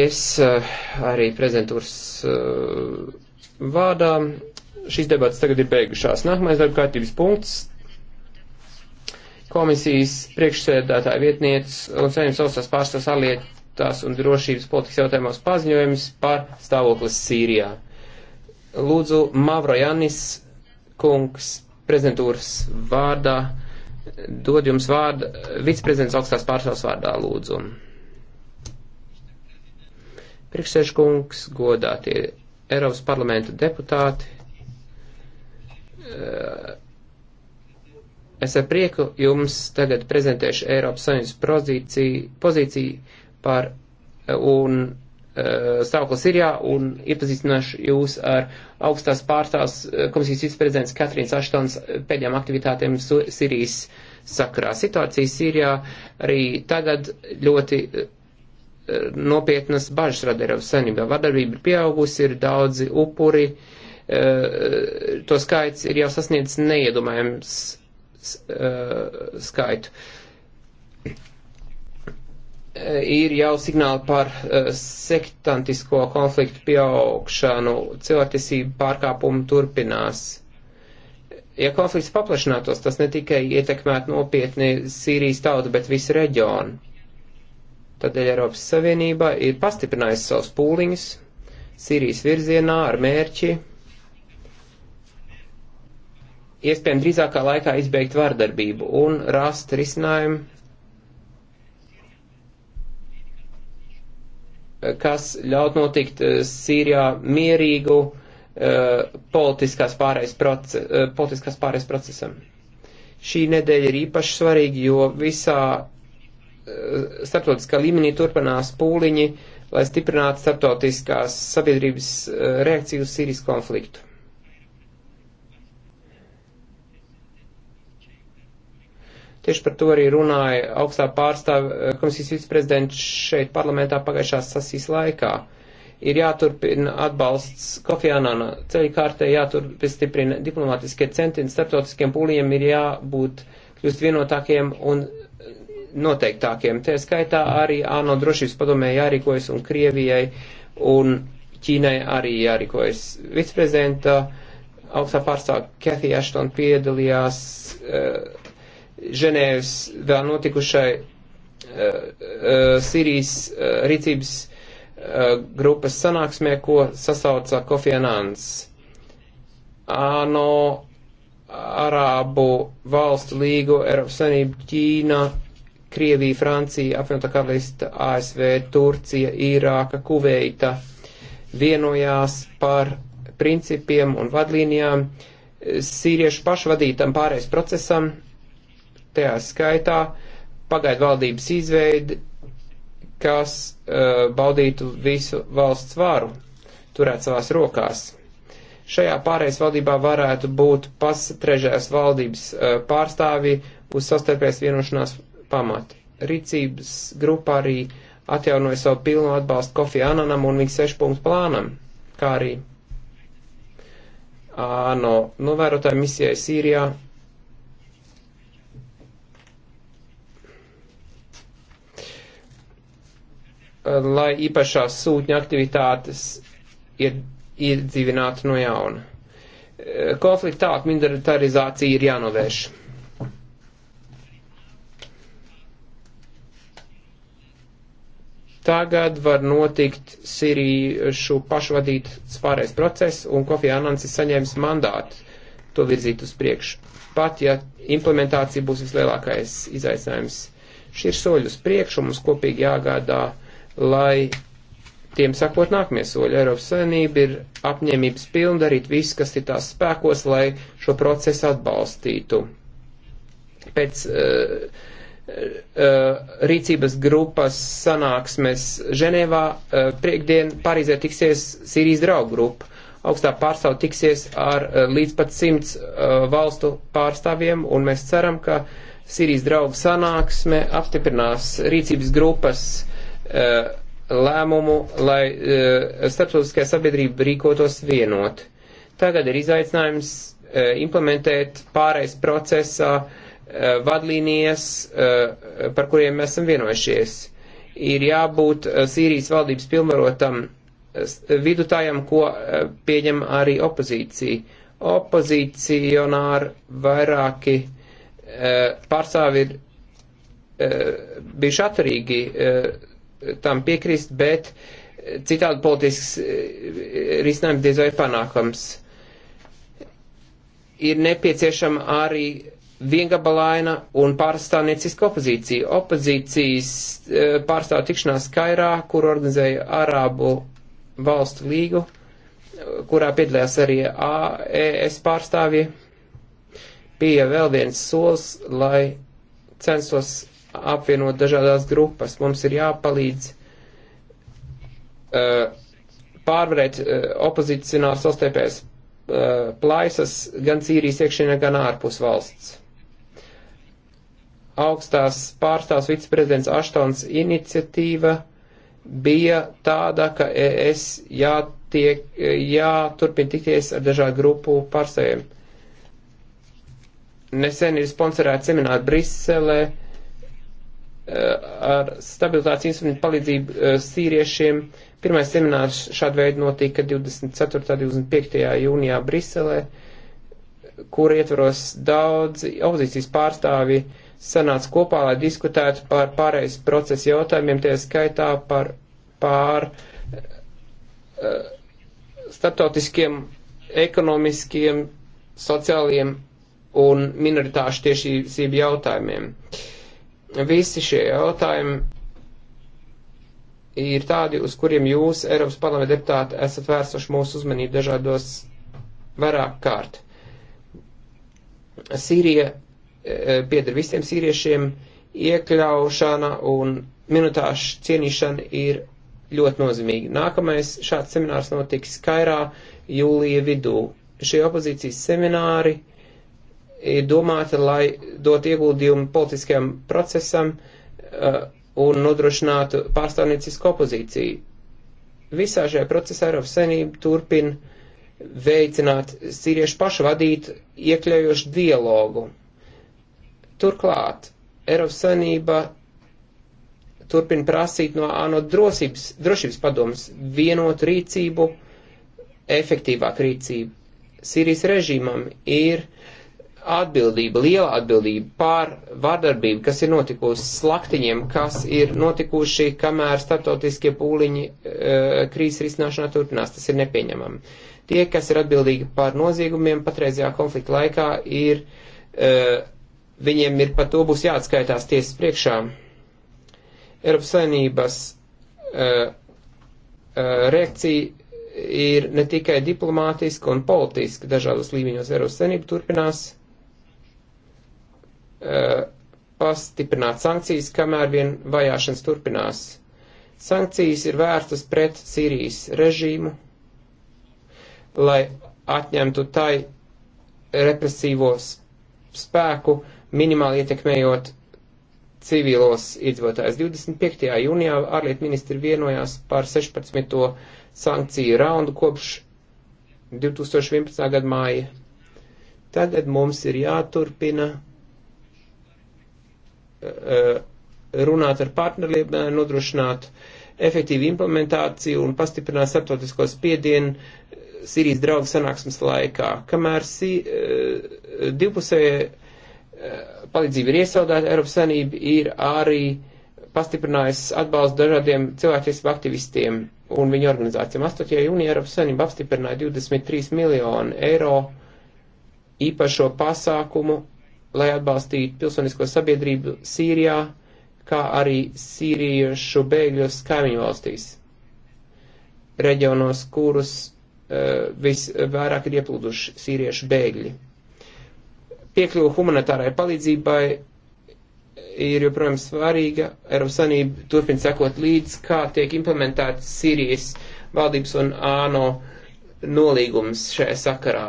Es eh, arī prezentūras eh, vārdā šīs debatas tagad ir beigušās. Nākamais darba kārtības punkts. Komisijas priekšsēdētāja vietnieca un saimnes valstās pārstāvs alietās un drošības politikas jautājumos paziņojums par stāvoklis Sīrijā. Lūdzu, Mavro Janis kungs prezentūras vārdā dod jums vārdu, viceprezidents augstās pārstāvs vārdā lūdzu. Priekšsēžkungs, godātie Eiropas parlamenta deputāti, eh, es ar prieku jums tagad prezentēšu Eiropas Savienības pozīciju, pozīciju par eh, un eh, stāvokli Sirijā un iepazīstināšu jūs ar augstās pārstāvs komisijas viceprezidents Katrīnas Aštons pēdējām aktivitātēm Sirijas sakarā. Situācija Sirijā arī tagad ļoti nopietnas bažas rada Eiropas saimnībā. Vardarbība ir pieaugusi, ir daudzi upuri, e, to skaits ir jau sasniedzis neiedomājams e, skaitu. E, ir jau signāli par sektantisko konfliktu pieaugšanu, cilvēktiesību pārkāpumu turpinās. Ja konflikts paplašinātos, tas ne tikai ietekmētu nopietni Sīrijas tautu, bet visu reģionu Tādēļ Eiropas Savienība ir pastiprinājusi savus pūliņus Sīrijas virzienā ar mērķi iespējami drīzākā laikā izbeigt vardarbību un rast risinājumu, kas ļaut notikt eh, Sīrijā mierīgu uh, politiskās pārējais proces, uh, eh, politiskās pārējais procesam. Šī nedēļa ir īpaši svarīga, jo visā Eh, starptautiskā līmenī turpinās pūliņi, lai stiprinātu starptautiskās sabiedrības eh, reakciju uz Sīrijas konfliktu. Tieši par to arī runāja augstā pārstāve eh, komisijas viceprezidents šeit parlamentā pagājušā sasīs laikā. Ir jāturpina atbalsts Kofi Anana ceļkārtē, jāturpina stiprina diplomātiskie centieni, starptautiskiem pūlījiem ir jābūt kļūst vienotākiem un noteiktākiem. Tie skaitā arī ANO drošības padomē jārīkojas un Krievijai un Ķīnai arī jārīkojas. Viceprezidenta augstā pārstāvja Kathy Ashton piedalījās uh, Ženēvas vēl notikušai uh, uh, Sīrijas uh, rīcības uh, grupas sanāksmē, ko sasauca Kofi Anans. ANO Arābu valstu līgu, Eiropas Savienība, Ķīna, Krievija, Francija, apvienotā karalista, ASV, Turcija, Īrāka, Kuveita vienojās par principiem un vadlīnijām sīriešu pašvadītam pārējais procesam, tajā skaitā pagaidu valdības izveidi, kas uh, baudītu visu valsts varu, turēt savās rokās. Šajā pārējais valdībā varētu būt pastrežējās valdības uh, pārstāvji uz sastarpēs vienošanās pamati. Rīcības grupa arī atjaunoja savu pilnu atbalstu Kofi Ananam un viņa sešpunktu plānam, kā arī ANO novērotāju misijai Sīrijā. Lai īpašās sūtņa aktivitātes ir iedzīvināta no jauna. Konflikta minderitarizācija ir jānovērš. Tagad var notikt Sirīšu pašvadīts pārējais process, un Kofi Anans ir saņēmis mandātu to virzīt uz priekšu. Pat ja implementācija būs vislielākais izaicinājums, šī ir soļi uz priekšu, mums kopīgi jāgādā, lai tiem sakot nākamie soļi. Eiropas Savienība ir apņēmības pilna darīt visu, kas ir tās spēkos, lai šo procesu atbalstītu. Pēc uh, Eh, eh, rīcības grupas sanāksmes Ženēvā, eh, priekdien Parīzē tiksies Sīrijas draugu grupa. Augstā pārstāv tiksies ar līdz pat simts valstu pārstāvjiem, un mēs ceram, ka Sīrijas draugu sanāksme apstiprinās rīcības grupas lēmumu, lai starptautiskajā sabiedrība rīkotos vienot. Tagad ir izaicinājums implementēt pārējais procesā uh, Eh, vadlīnijas, eh, par kuriem mēs esam vienojušies. Ir jābūt eh, Sīrijas valdības pilnvarotam vidutājam, ko pieņem arī opozīcija. Opozicionāri vairāki pārstāvi ir bijuši atturīgi tam piekrist, bet citādi politisks risinājums diez vai panākams. Ir nepieciešama arī viengabalaina un pārstāvnieciska opozīcija. Opozīcijas eh, pārstāv tikšanās Kairā, kur organizēja Arābu valstu līgu, eh, kurā piedalījās arī AES pārstāvji. Bija vēl viens solis, lai censos apvienot dažādās grupas. Mums ir jāpalīdz uh, pārvarēt uh, opozicionārs sastēpēs uh, plaisas gan Sīrijas iekšienē, gan ārpus valsts augstās pārstāvs viceprezidents Aštons iniciatīva bija tāda, ka es jātiek, jāturpina tikties ar dažādu grupu pārstāvjiem. Nesen ir sponsorēts semināri Briselē eh, ar stabilitātes instrumentu palīdzību eh, sīriešiem. Pirmais seminārs šādu veidu notika 24. un 25. jūnijā Briselē, kur ietvaros daudzi opozīcijas pārstāvi uh, sanāca kopā, lai diskutētu par pārējais procesa jautājumiem, tie skaitā par pār uh, starptautiskiem ekonomiskiem, sociāliem un minoritāšu tiešību jautājumiem. Visi šie jautājumi ir tādi, uz kuriem jūs, Eiropas parlamenta deputāti, esat vērsuši mūsu uzmanību dažādos vairāk kārt. Sīrija Eh, pieder visiem sīriešiem, iekļaušana un minutāšu cienīšana ir ļoti nozīmīga. Nākamais šāds seminārs notiks Kairā jūlija vidū. Šie opozīcijas semināri ir domāti, lai dot ieguldījumu politiskajam procesam uh, un nodrošinātu pārstāvniecisku opozīciju. Visā šajā procesā Eiropas Savienība turpina veicināt sīriešu pašu vadīt iekļaujošu dialogu Turklāt Eiropas Savienība turpina prasīt no ANO drosības, drošības padomas vienotu rīcību, efektīvāku rīcību. Sīrijas režīmam ir atbildība, liela atbildība pār vardarbību, kas ir notikusi slaktiņiem, kas ir notikuši, kamēr starptautiskie pūliņi e, krīzes risināšanā turpinās. Tas ir nepieņemami. Tie, kas ir atbildīgi pār noziegumiem patreizajā konflikta laikā, ir e, Viņiem ir par to būs jāatskaitās tiesas priekšā. Eiropas Savienības uh, reakcija ir ne tikai diplomātiska un politiska dažādos līmeņos. Eiropas Savienība turpinās uh, pastiprināt sankcijas, kamēr vien vajāšanas turpinās. Sankcijas ir vērstas pret Sīrijas režīmu, lai atņemtu tai represīvos spēku, minimāli ietekmējot civilos iedzīvotājus. 25. jūnijā ārlietu ministri vienojās par 16. sankciju raundu kopš 2011. gada māja. Tagad mums ir jāturpina eh, eh, runāt ar partneriem, eh, nodrošināt efektīvu implementāciju un pastiprināt starptautisko spiedienu Sīrijas draugu sanāksmes laikā, kamēr si, divpusēja Eh, palīdzība ir iesaldēta, Eiropas Sanība ir arī pastiprinājusi atbalstu dažādiem cilvēktiesību aktivistiem un viņu organizācijām. 8. jūnija Eiropas Sanība apstiprināja 23 miljonu eiro īpašo pasākumu, lai atbalstītu pilsonisko sabiedrību Sīrijā, kā arī sīriešu bēgļus kaimiņu valstīs, reģionos, kurus uh, visvairāk ir ieplūduši sīriešu bēgļi. Piekļuva humanitārai palīdzībai ir joprojām svarīga. Eiropas Sanība turpin sekot līdz, kā tiek implementēts Sīrijas valdības un ANO nolīgums šajā sakarā.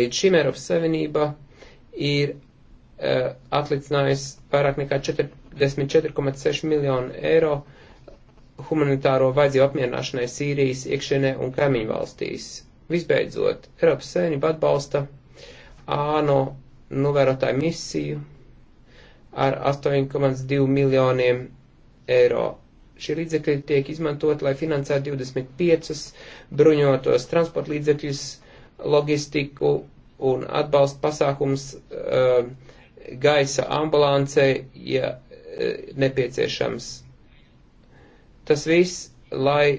Līdz šim Eiropas Savienība ir uh, atlicinājusi vairāk nekā 44,6 miljonu eiro humanitāro vajadzību apmierināšanai Sīrijas iekšienē un kaimiņu valstīs. Visbeidzot, Eiropas Savienība atbalsta ANO novērotāju misiju ar 8,2 miljoniem eiro. Šie līdzekļi tiek izmantot, lai finansētu 25 bruņotos transporta līdzekļus, logistiku un atbalsta pasākums uh, gaisa ambulancē, ja uh, nepieciešams. Tas viss, lai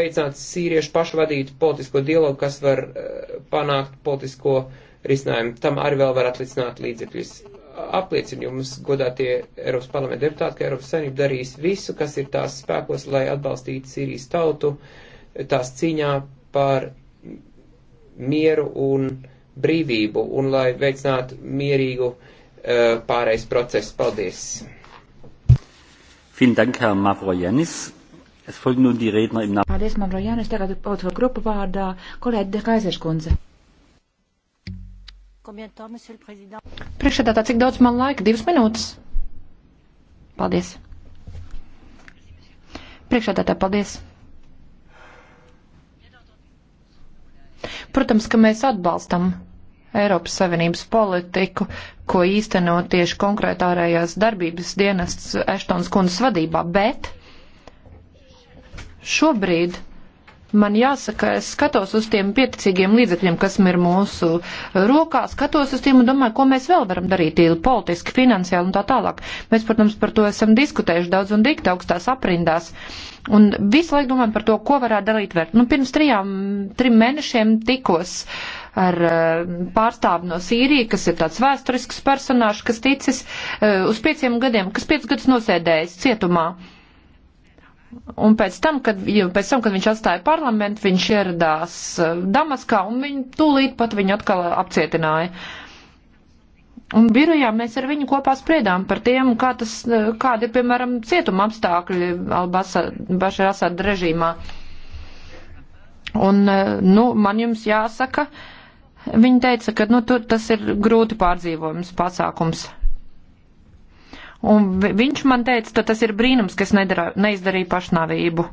veicinātu sīriešu pašvadītu politisko dialogu, kas var uh, panākt politisko uh, risinājumu. Tam arī vēl var atlicināt līdzekļus. Apliecinu jums, godātie Eiropas parlamenta deputāti, ka Eiropas saimnība darīs visu, kas ir tās spēkos, lai atbalstītu Sīrijas tautu tās cīņā par mieru un brīvību un lai veicinātu mierīgu uh, eh, pārējais procesu. Paldies! Vielen Dank, Herr Mavrojanis. Es folgen nun die Redner im Namen. Paldies, Mavrojanis. Tagad pautu grupu vārdā kolēģi Dekaizerskundze. Priekšsēdētā, cik daudz man laika? Divas minūtes. Paldies. Priekšsēdētā, paldies. Protams, ka mēs atbalstam Eiropas Savienības politiku, ko īsteno tieši konkrētā ārējās darbības dienests Eštons kundzes vadībā, bet šobrīd Man jāsaka, es skatos uz tiem pieticīgiem līdzekļiem, kas ir mūsu rokā, skatos uz tiem un domāju, ko mēs vēl varam darīt politiski, finansiāli un tā tālāk. Mēs, protams, par to esam diskutējuši daudz un dikti augstās aprindās. Un visu laiku domājam par to, ko varētu darīt vēl. Nu, pirms trijām, trim mēnešiem tikos ar eh, pārstāvu no Sīrija, kas ir tāds vēsturisks personāžs, kas ticis eh, uz pieciem gadiem, kas piecus gadus nosēdējis cietumā Un pēc tam, kad, pēc tam, kad viņš atstāja parlamentu, viņš ieradās eh, Damaskā un viņu tūlīt pat viņu atkal apcietināja. Un birojā mēs ar viņu kopā spriedām par tiem, kā tas, eh, kāda ir, piemēram, cietuma apstākļi Albašar Asad režīmā. Un, eh, nu, man jums jāsaka, viņa teica, ka, nu, tur tas ir grūti pārdzīvojums pasākums. Un viņš man teica, ka tas ir brīnums, kas nedara, neizdarīja pašnāvību.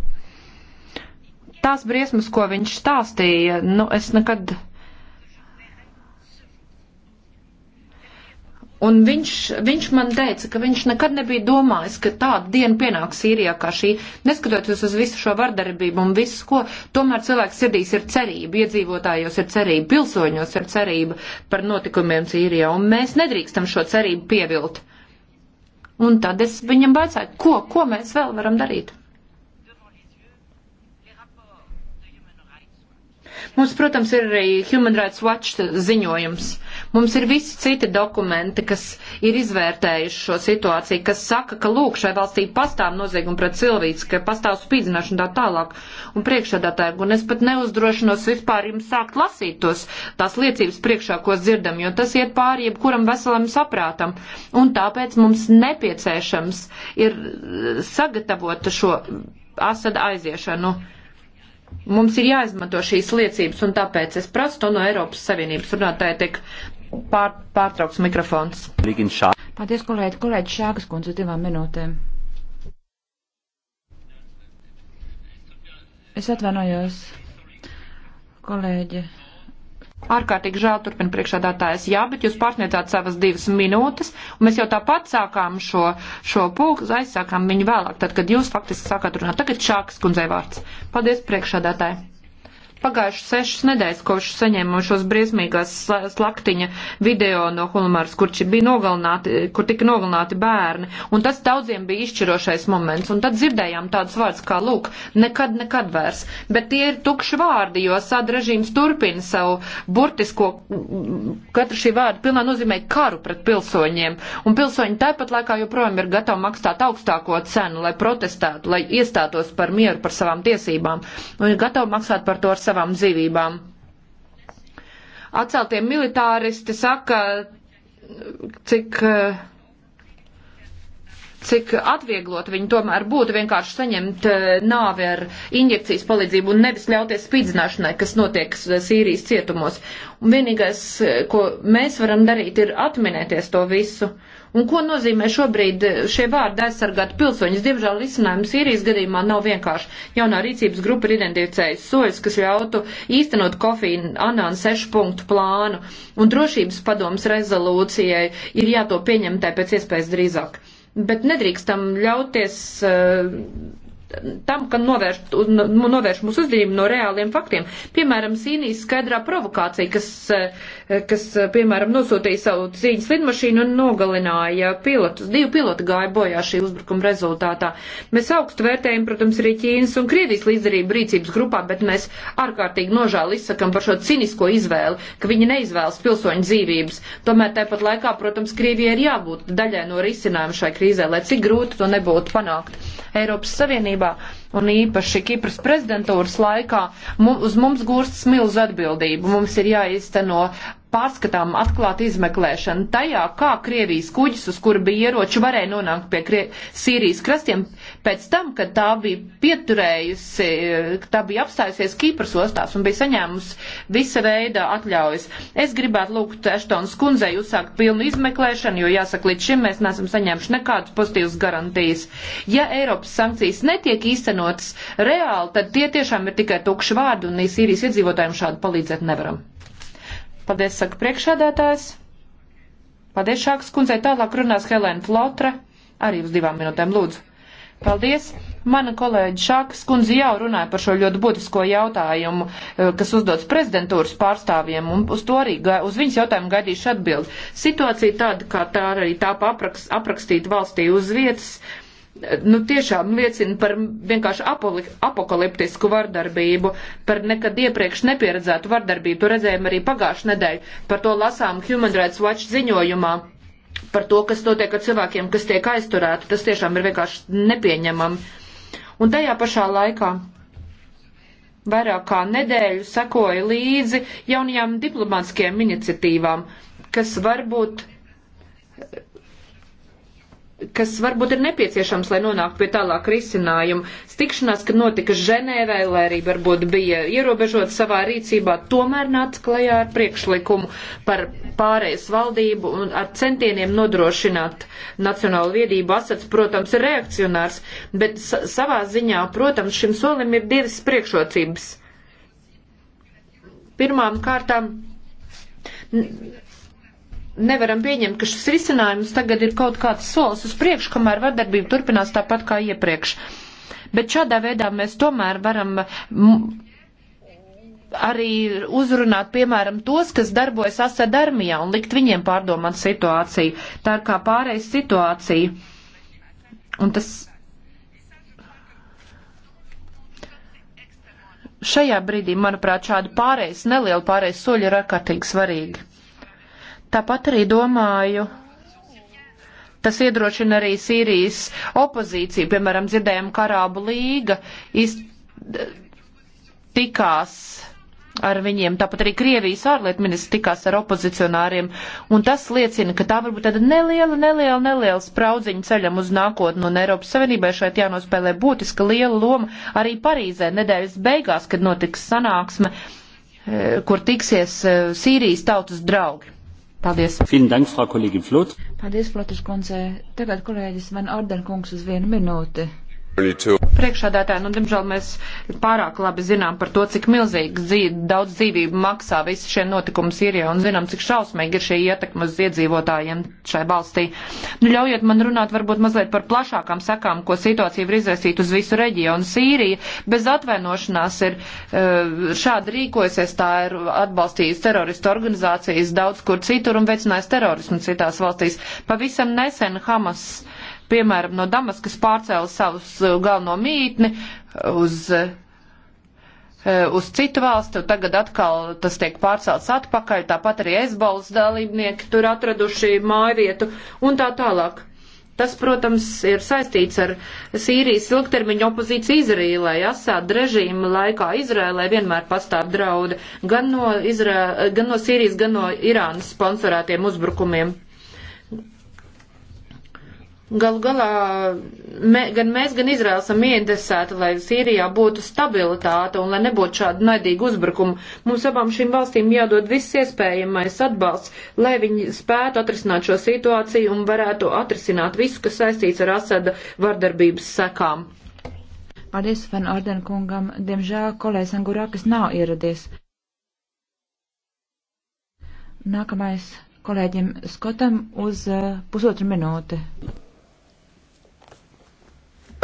Tās briesmas, ko viņš stāstīja, nu, es nekad. Un viņš, viņš man teica, ka viņš nekad nebija domājis, ka tāda diena pienāks Sīrijā kā šī. Neskatoties uz visu šo vardarbību un visu, ko tomēr cilvēks sirdīs ir cerība, iedzīvotājos ir cerība, pilsoņos ir cerība par notikumiem Sīrijā. Un mēs nedrīkstam šo cerību pievilt. Un tad es viņam baicāju, ko, ko mēs vēl varam darīt? Mums, protams, ir arī Human Rights Watch ziņojums, Mums ir visi citi dokumenti, kas ir izvērtējuši šo situāciju, kas saka, ka lūk, šai valstī pastāv noziegumi pret cilvēks, ka pastāv spīdzināšana tā tālāk un priekšādātāju. Un es pat neuzdrošinos vispār jums sākt lasīt tos tās liecības priekšā, ko dzirdam, jo tas iet pāri jebkuram veselam saprātam. Un tāpēc mums nepieciešams ir eh, sagatavot šo Asad aiziešanu. Mums ir jāizmanto šīs liecības, un tāpēc es prasu to no Eiropas Savienības runātāja tiek Pār, pārtrauks mikrofons. Paldies, kolēģi. Kolēģi Šākas kundze, divām minūtēm. Es atvainojos, kolēģi. Ārkārtīgi žēl turpina priekšādātājs. Jā, bet jūs pārsniedzāt savas divas minūtes, un mēs jau tāpat sākām šo, šo pulku, aizsākām viņu vēlāk, tad, kad jūs faktiski sākāt runāt. Tagad šāks kundzei vārds. Paldies priekšādātāji. Pagājuši sešas nedēļas, kopš saņēmu šos briesmīgās slaktiņa video no Hulmāras, kur, bija nogalināti, kur tika nogalināti bērni, un tas daudziem bija izšķirošais moments, un tad dzirdējām tādus vārdus kā, lūk, nekad, nekad vairs, bet tie ir tukši vārdi, jo sad režīms turpina savu burtisko, katru šī vārdu pilnā nozīmē karu pret pilsoņiem, un pilsoņi tāpat laikā joprojām ir gatavi maksāt augstāko cenu, lai protestētu, lai iestātos par mieru, par savām tiesībām, un ir gatavi maksāt par to ar savu savām dzīvībām. Atceltie militāristi saka, cik, cik atvieglot viņi tomēr būtu vienkārši saņemt eh, nāvi ar injekcijas palīdzību un nevis ļauties spīdzināšanai, kas notiek eh, Sīrijas cietumos. Un vienīgais, eh, ko mēs varam darīt, ir atminēties to visu. Uh, Un ko nozīmē šobrīd eh, šie vārdi aizsargāt pilsoņus? Diemžēl izcinājums Sīrijas gadījumā nav vienkārši. Jaunā rīcības grupa ir identificējusi soļus, kas ļautu īstenot kofīnu anānu sešu punktu plānu. Un drošības padomas rezolūcijai ir jāto pieņemtai pēc iespējas drīzāk. Bet nedrīkstam ļauties. Uh, tam, ka novērš, novērš mūsu uzvedību no reāliem faktiem. Piemēram, Sīnijas skaidrā provokācija, kas eh, kas, eh, piemēram, nosūtīja savu cīņas lidmašīnu un nogalināja pilotus. Divi piloti gāja bojā šī uzbrukuma rezultātā. Mēs augstu vērtējam, protams, arī Ķīnas un Krievijas līdzdarību rīcības grupā, bet mēs ārkārtīgi nožēli izsakam par šo cinisko izvēli, ka viņi neizvēlas pilsoņu dzīvības. Tomēr tāpat laikā, protams, Krievijai ir jābūt daļai no risinājuma šai krīzē, lai cik grūti to nebūtu panākt. Eiropas Savienībā un īpaši Kipras prezidentūras laikā, mums, uz mums gūstas milz atbildību. Mums ir jāizteno pārskatām atklāt izmeklēšanu tajā, kā Krievijas kuģis, uz kura bija ieroči, varēja nonākt pie Krie Sīrijas krastiem, pēc tam, kad tā bija pieturējusi, eh, tā bija apstājusies Kīpras ostās un bija saņēmusi visa veida atļaujas. Es gribētu lūgt Eštons kundzei uzsākt pilnu izmeklēšanu, jo jāsaka, līdz šim mēs neesam saņēmuši nekādus pozitīvus garantijas. Ja Eiropas sankcijas netiek īstenotas reāli, tad tie tiešām ir tikai tukši vārdi un Sīrijas iedzīvotājiem šādu palīdzēt nevaram. Paldies, saka priekšādātājs. Paldies, Šāks kundzei. Tālāk runās Helēna Flotra. Arī uz divām minūtēm lūdzu. Paldies! Mana kolēģa Šākas kundze jau runāja par šo ļoti būtisko jautājumu, eh, kas uzdots prezidentūras pārstāvjiem, un uz to arī, uz viņas jautājumu gaidīšu atbildi. Situācija tāda, kā tā arī tā aprakst, aprakstīta valstī uz vietas, eh, nu tiešām liecina par vienkārši apoli, apokaliptisku vardarbību, par nekad iepriekš nepieredzētu vardarbību. To redzējām arī pagājušajā nedēļā, par to lasām Human Rights Watch ziņojumā par to, kas notiek ar cilvēkiem, kas tiek aizturēti. Tas tiešām ir vienkārši nepieņemami. Un tajā pašā laikā vairāk kā nedēļu sekoja līdzi jaunajām diplomātskajām iniciatīvām, kas varbūt kas varbūt ir nepieciešams, lai nonāktu pie tālāka risinājuma. Stikšanās, kad notika Ženēvē, lai arī varbūt bija ierobežot savā rīcībā, tomēr nāca klajā ar priekšlikumu par pārējas valdību un ar centieniem nodrošināt nacionālu viedību. Asats, protams, ir reakcionārs, bet savā ziņā, protams, šim solim ir divas priekšrocības. Pirmām kārtām nevaram pieņemt, ka šis risinājums tagad ir kaut kāds solis uz priekšu, kamēr vardarbība turpinās tāpat kā iepriekš. Bet šādā veidā mēs tomēr varam arī uzrunāt, piemēram, tos, kas darbojas Asad armijā un likt viņiem pārdomāt situāciju. Tā ir kā pārējais situācija. Un tas. Šajā brīdī, manuprāt, šāda pārējais, neliela pārējais soļa ir ārkārtīgi svarīga. Tāpat arī domāju, Tas iedrošina arī Sīrijas opozīciju, piemēram, dzirdējām Karābu līga, iz, tikās ar viņiem. Tāpat arī Krievijas ārlietu ministrs tikās ar opozicionāriem. Un tas liecina, ka tā varbūt tāda neliela, neliela, neliela spraudziņa ceļam uz nākotnu. Un Eiropas Savienībai šeit jānospēlē būtiska liela loma arī Parīzē nedēļas beigās, kad notiks sanāksme, eh, kur tiksies eh, Sīrijas tautas draugi. Paldies. Dank, Frau Paldies, Flotas kundze. Tagad kolēģis Van Ordenkungs uz vienu minūti. Priekšādātāji, nu, diemžēl mēs pārāk labi zinām par to, cik milzīgi dzīv, daudz dzīvību maksā visi šie notikumi Sīrijā un zinām, cik šausmīgi ir šī ietekme uz iedzīvotājiem šai valstī. Nu, ļaujiet man runāt varbūt mazliet par plašākām sekām, ko situācija var izraisīt uz visu reģionu. Sīrija bez atvainošanās ir eh, šādi rīkojusies, tā ir atbalstījusi teroristu organizācijas daudz kur citur un veicinājusi terorismu citās valstīs. Pavisam nesen Hamas piemēram, no Damaskas pārcēla savus eh, galveno mītni uz eh, uz citu valstu, tagad atkal tas tiek pārcelts atpakaļ, tāpat arī Ezbols dalībnieki tur atraduši mājvietu un tā tālāk. Tas, protams, ir saistīts ar Sīrijas ilgtermiņa opozīciju Izrēlē. Asāda režīma laikā Izrēlē vienmēr pastāv draudi gan no, Izrē, gan no Sīrijas, gan no Irānas sponsorētiem uzbrukumiem. Galu galā me, gan mēs, gan Izraels esam ieinteresēti, lai Sīrijā būtu stabilitāte un lai nebūtu šādu naidīgu uzbrukumu. Mums abām šīm valstīm jādod viss iespējamais atbalsts, lai viņi spētu atrisināt šo situāciju un varētu atrisināt visu, kas saistīts ar Asada vardarbības sekām. Paldies, Van Orden kungam. Diemžēl kolēģis Angurākas nav ieradies. Nākamais kolēģim Skotam uz eh, pusotru minūti.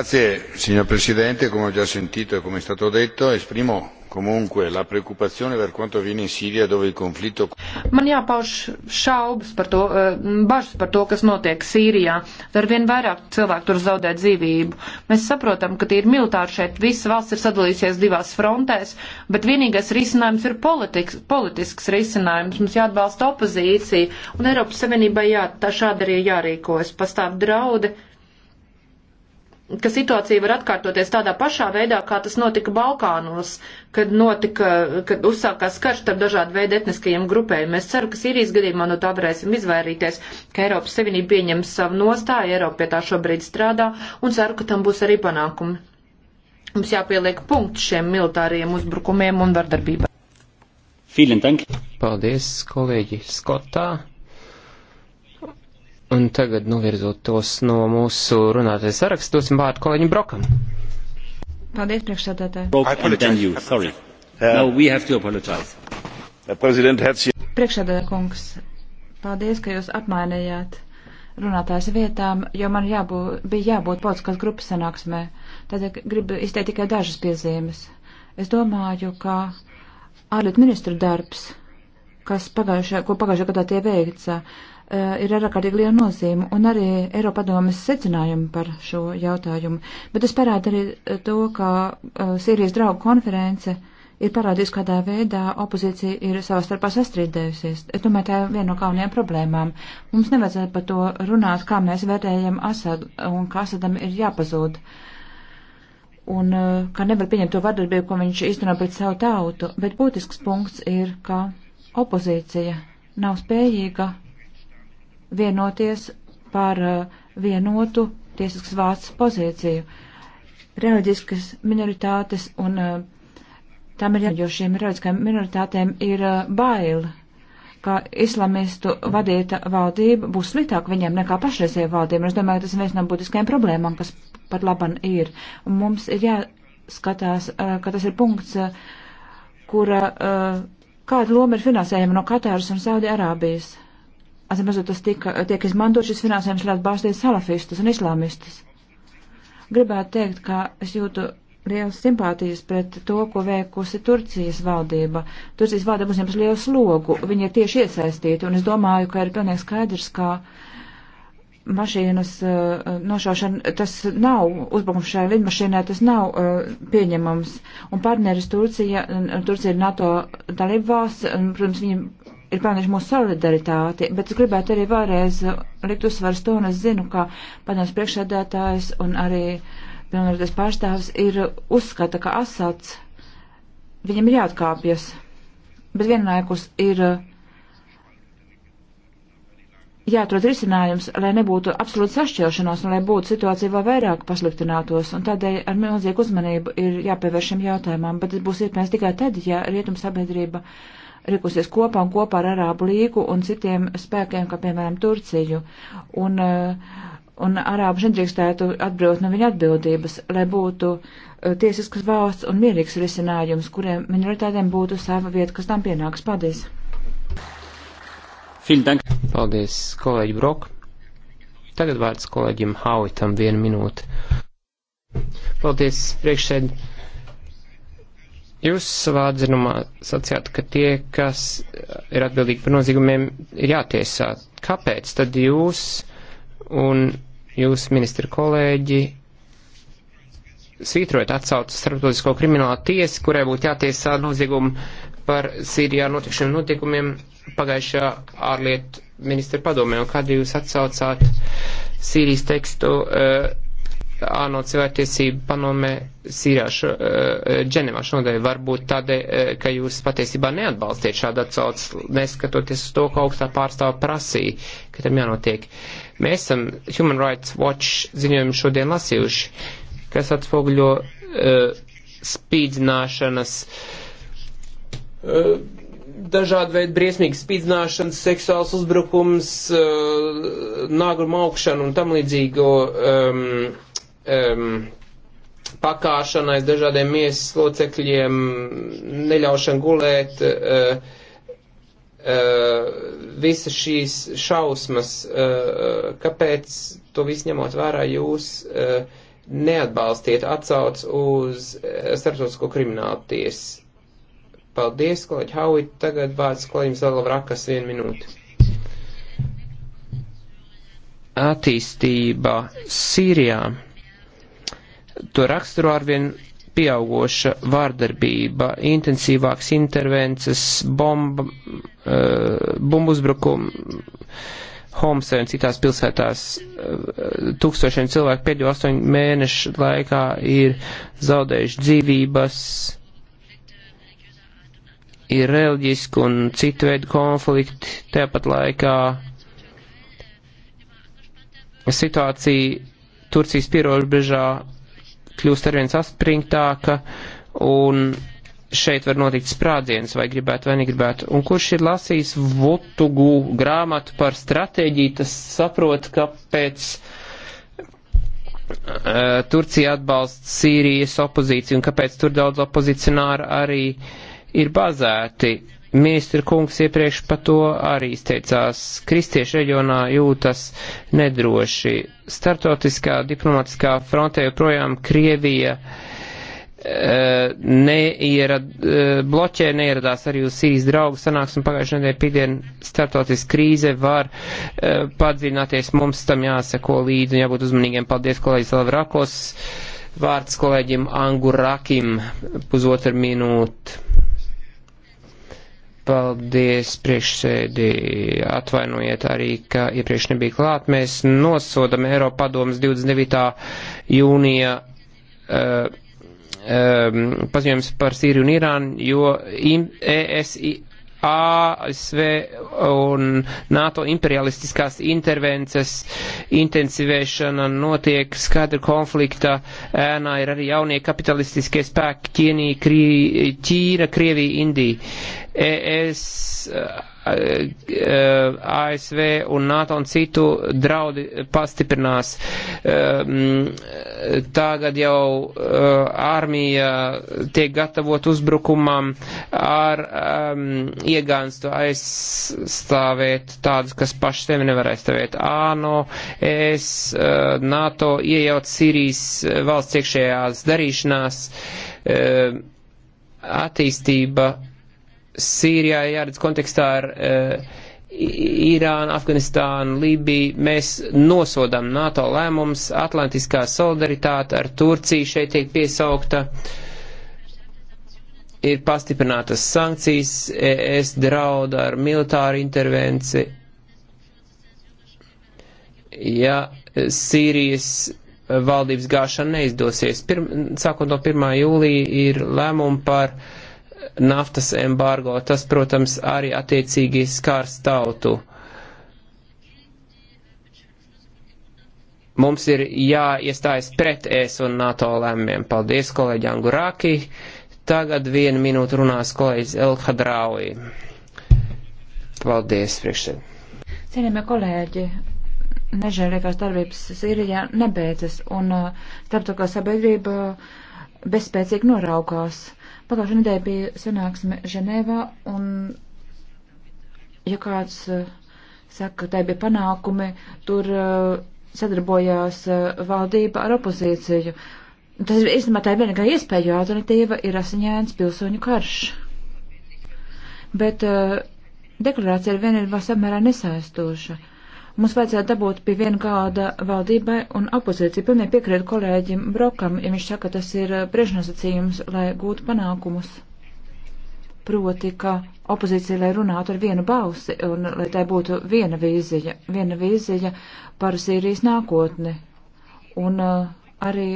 Grazie, signor Presidente. Come ho già sentito e come è stato detto, esprimo comunque la preoccupazione per quanto avviene in Siria dove il conflitto. Man jāpauž šaubas par to, eh, bažas par to, kas notiek Sīrijā. Arvien vairāk cilvēku tur zaudē dzīvību. Mēs saprotam, ka tie ir militāri šeit. Visa valsts ir sadalījusies divās frontēs, bet vienīgais risinājums ir politiks, politisks risinājums. Mums jāatbalsta opozīcija un Eiropas Savienībai jā, tā šādi arī jārīkojas. Pastāv draudi ka situācija var atkārtoties tādā pašā veidā, kā tas notika Balkānos, kad, notika, kad uzsākās karš starp dažādu veidu etniskajiem grupējumiem. Es ceru, ka Sīrijas gadījumā no tā varēsim izvairīties, ka Eiropas Savienība pieņems savu nostāju, Eiropa pie tā šobrīd strādā, un ceru, ka tam būs arī panākumi. Mums jāpieliek punkts šiem militāriem uzbrukumiem un vardarbībai. Paldies, kolēģi Skotā! Un tagad, nu, virzot tos no mūsu runātais saraksts, dosim vārdu kolēģim Brokam. Paldies, priekšsēdētāji. Uh, Priekšsēdētāja kungs, paldies, ka jūs apmainījāt runātājs vietām, jo man jābūt, bija jābūt politiskās grupas sanāksmē. Tad gribu izteikt tikai dažas piezīmes. Es domāju, ka ārlietu ministru darbs kas pagājušajā, ko pagājušajā gadā tie veica, eh, ir ārkārtīgi liela nozīme, un arī Eiropadomas secinājumi par šo jautājumu. Bet tas parāda arī eh, to, ka eh, Sīrijas draugu konference ir parādījusi, kādā veidā opozīcija ir savā starpā sastrīdējusies. Es domāju, tā ir viena no galvenajām problēmām. Mums nevajadzētu par to runāt, kā mēs vērtējam Asadu un ka Asadam ir jāpazūd. Un ka nevar pieņemt to vardarbību, ko viņš īstenot pret savu tautu. Bet būtisks punkts ir, ka opozīcija nav spējīga vienoties par uh, vienotu tiesisks vārds pozīciju. Reliģiskas minoritātes un uh, tam ir jābūt, jo šīm reliģiskajām minoritātēm ir uh, bail, ka islamistu vadīta valdība būs sliktāk viņiem nekā pašreizējā valdība. Es domāju, tas ir viens no būtiskajiem problēmām, kas pat laban ir. Un mums ir jāskatās, ka tas ir punkts, kura. Uh, Kāda loma ir finansējuma no Katāras un Saudi Arābijas? Atzīmēs, tas tika, tiek izmantot šis finansējums, lai atbalstītu salafistus un islāmistus. Gribētu teikt, ka es jūtu liels simpātijas pret to, ko veikusi Turcijas valdība. Turcijas valdība uzņems lielu slogu, viņi ir tieši iesaistīti, un es domāju, ka ir pilnīgi skaidrs, ka. Kā mašīnas uh, nošaušana, tas nav uzbrukums šai lidmašīnai, tas nav uh, pieņemams. Un partneris Turcija, Turcija ir NATO dalībvalsts, protams, viņi ir pelnījuši mūsu solidaritāti, bet es gribētu arī vēlreiz likt uzsvaru to, un es zinu, ka padoms priekšsēdētājs un arī pilnvarotais pārstāvs ir uzskata, ka asats, viņam ir jāatkāpjas, bet vienlaikus ir. Uh, jāatrod risinājums, lai nebūtu absolūti sašķelšanās un lai būtu situācija vēl vairāk pasliktinātos. Un tādēļ ar milzīgu uzmanību ir jāpievērš šim jautājumam, bet tas būs iespējams tikai tad, ja rietum sabiedrība rikusies kopā un kopā ar Arābu līgu un citiem spēkiem, kā piemēram Turciju. Un, eh, un Arābu nedrīkstētu atbrīvot no viņa atbildības, lai būtu eh, tiesiskas valsts un mierīgs risinājums, kuriem minoritātēm būtu sava vieta, kas tam pienāks. Paldies! Paldies, kolēģi Brok. Tagad vārds kolēģim Hauitam vienu minūti. Paldies, priekšsēd. Jūs savā atzinumā sacījāt, ka tie, kas ir atbildīgi par nozīmumiem, ir jātiesā. Kāpēc tad jūs un jūs, ministra kolēģi, svītrojat atsaucu starptautisko kriminālu tiesu, kurai būtu jātiesā noziegumi par Sīrijā notikušiem notikumiem pagājušajā ārlietu ministra padomē, un kad jūs atsaucāt Sīrijas tekstu uh, ANO cilvēktiesību panomē Sīrā šo, uh, Dženevā šonadēļ, varbūt tādēļ, uh, eh, ka jūs patiesībā neatbalstiet šādu atsaucu, neskatoties uz to, ka augstā pārstāva prasīja, ka tam jānotiek. Mēs esam Human Rights Watch ziņojumu šodien lasījuši, kas atspoguļo uh, spīdzināšanas. Uh, dažādi veidi briesmīgas spīdzināšanas, seksuāls uzbrukums, eh, nāgruma augšana un tam līdzīgo um, ehm, um, ehm, pakāšanais dažādiem miesas locekļiem, neļaušana gulēt, uh, uh, visas šīs šausmas, uh, kāpēc to visu ņemot vērā jūs uh, neatbalstiet atsauc uz starptautisko kriminālu tiesu? Paldies, kolēģi Hauit. Tagad vārds kolēģim Zalavrakas vienu minūti. Attīstība Sīrijā. To raksturo arvien pieaugoša vārdarbība, intensīvāks intervences, bomba, eh, bumbu uzbrukumi Homsē un citās pilsētās. Eh, tūkstošiem cilvēku pēdējo astoņu mēnešu laikā ir zaudējuši dzīvības ir reliģiski un citu veidu konflikti, tāpat laikā situācija Turcijas pierobežā kļūst arvien saspringtāka un šeit var notikt sprādziens, vai gribētu, vai negribētu. Un kurš ir lasījis Vutugu grāmatu par stratēģiju, tas saprot, ka pēc uh, Turcija atbalsta Sīrijas opozīciju un kāpēc tur daudz opozicionāri arī uh, ir bazēti. Ministra kungs iepriekš par to arī izteicās. Kristiešu reģionā jūtas nedroši. Startautiskā diplomatiskā frontē joprojām Krievija eh, neierad, eh, bloķē neieradās arī uz Sīrijas draugu sanāksmu pagājušajā nedēļā pīdien startotiska krīze var eh, padziļināties, mums tam jāseko līdzi un jābūt uzmanīgiem. Paldies, kolēģis Lavrakos. Vārds kolēģim Angurakim, pusotru minūtu. Paldies, priekšsēdi. Atvainojiet arī, ka iepriekš nebija klāt. Mēs nosodam Eiropadomas 29. jūnija uh, um, paziņojums par Sīriju un Irānu, jo ES ASV un NATO imperialistiskās intervences intensivēšana notiek skaidra konflikta ēnā ir arī jaunie kapitalistiskie spēki Ķienī, Krī, Ķīna, Krievija, Indija. ES, e, e, ASV un NATO un citu draudi pastiprinās. E, tagad jau armija tiek gatavot uzbrukumam ar iegānstu aizstāvēt tādus, kas paši sevi nevar aizstāvēt. ANO, ES, NATO iejauc Sīrijas valsts iekšējās darīšanās attīstība Sīrijā jāredz kontekstā ar uh, eh, Irānu, Afganistānu, Lībiju. Mēs nosodam NATO lēmums, Atlantiskā solidaritāte ar Turciju šeit tiek piesaukta. Ir pastiprinātas sankcijas, es draudu ar militāru intervenci. Ja Sīrijas valdības gāšana neizdosies, Pirm, sākot no 1. jūlija ir lēmumi par uh, naftas embargo, tas, protams, arī attiecīgi skārs tautu. Mums ir jāiestājas pret ES un NATO lēmumiem. Paldies kolēģi Angurāki. Tagad vienu minūtu runās kolēģis Elhadraui. Paldies, priekšsēd. Cienījamie kolēģi, nežēlīgās darbības Sīrijā nebeidzas un uh, starptautiskā sabiedrība uh, bezspēcīgi noraukās Pagājušajā nedēļā bija sanāksme Ženēvā, un, ja kāds eh, saka, tai bija panākumi, tur eh, sadarbojās eh, valdība ar opozīciju. Tas ir īstenībā tā ir vienīgā iespēja, jo alternatīva ir asiņēns pilsoņu karš. Bet uh, deklarācija ir vienībā samērā nesaistoša. Uh, Mums vajadzētu dabūt pie viena kāda valdībai un opozīcija. Pilnīgi piekrītu kolēģim Brokam, ja viņš saka, tas ir uh, priekšnosacījums, lai gūtu panākumus. Proti, ka opozīcija, lai runātu ar vienu balsi un uh, lai tai būtu viena vīzija, viena vīzija par Sīrijas nākotni. Un uh, arī